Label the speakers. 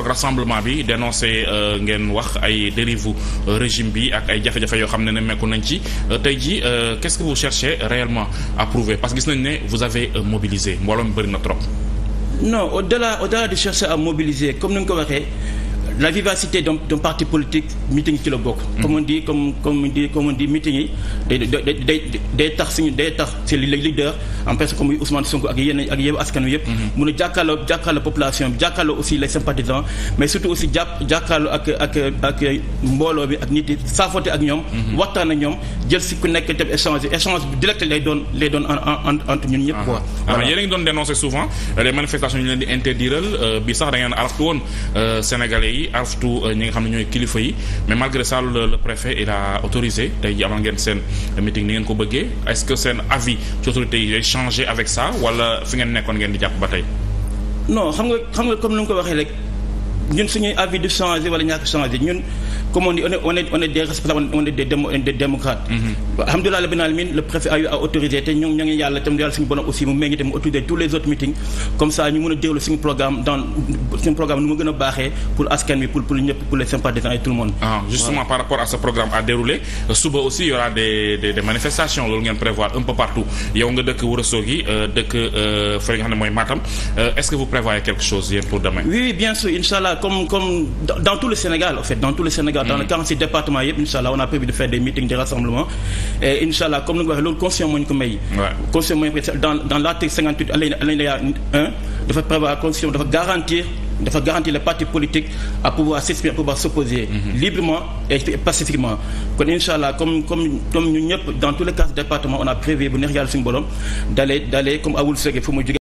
Speaker 1: keroog rassemblement bi dénoncé euh, ngeen wax ay dérive euh, régime bi ak ay jafe-jafe yoo xam ne ne mekku nañ ci euh, tey ji qu'est-ce que vous cherchez réellement à parce que gis nañ ne vous avez mobilisé mbooloo mi bëri na trop
Speaker 2: non au delà au delà de chercher à mobiliser comme ni ko waxee la vivacité d'un parti politique meeting ci la bokk. comme on dit comme comme on dit comme on dit meeting yi day day day day tax suñu day tax c'est les leaders en personne comme Ousmane Sonko ak yenn ak yéen yëpp. Mhm. a jàkkaarloo jàkkaarloo population bi jàkkaarloo aussi les sympathisants mais surtout aussi jàpp jàkkaarloo ak ak ak mbooloo bi ak nit yi saafote ak ñoom.
Speaker 1: Mhm. waxtaan ak ñoom jël si ku nekk itam échange échange bi direct lay doon lay doon entre ñun ñëpp quoi. Ah. Ah, voilà yéen a doon dénoncer souvent euh, les manifestations ñu leen di interdiral euh, bi sax da ngeen araftu woon euh, yi. artu euh, ñi nga xam ne ñooy kilifa yi mais malgré ça le préfet il a autorisé tey ji amal ngeen seen meeting ni ngeen ko bëggee est-ce que seen avis ci autorités yi changé avec ça wala fi ngeen nekkoon ngeen di jàpp ba tey
Speaker 2: non xam nga xam nga comme ni nga ko waxee rek ñun suñuy avis di changé wala ñàkk changé ñun comme on dit, on est, on est des responsables, on est des, démo, des démocrates. Mhm. Alhamdulillah, le préfet a eu à autoriser, nous avons eu à l'autorisation aussi, nous avons autorisé tous les autres meetings. Comme ça, nous avons dire le programme, dans le programme, nous avons barré pour Askan, pour, pour, pour les sympathisants et tout le monde. Ah, justement,
Speaker 1: par rapport à ce programme à dérouler, euh, Souba aussi, il y aura des, des, des manifestations, nous allons prévoir un peu partout. Il y a un de Wurosogi, de que Frégan et Matam. Euh, est-ce que vous prévoyez quelque chose pour demain Oui, bien sûr, Inch'Allah,
Speaker 2: comme, comme dans, dans tout le Sénégal, en fait, dans tout le Sénégal. cas dans mm-hmm. les 46 départements yëpp incha allah on a prévu de faire des meetings des rassemblements et incha allah comme ni nga waxee loolu constitution moo ko may dans dans l'article 58 alinéa 1 dafa prévoir constitution dafa garantir garantir les partis politiques à pouvoir s'exprimer à pouvoir s'opposer mm-hmm. librement et pacifiquement kon incha comme comme comme ñu ñëpp dans tous les quatre départements on a prévu bu neex yàlla suñu borom comme awul sege fu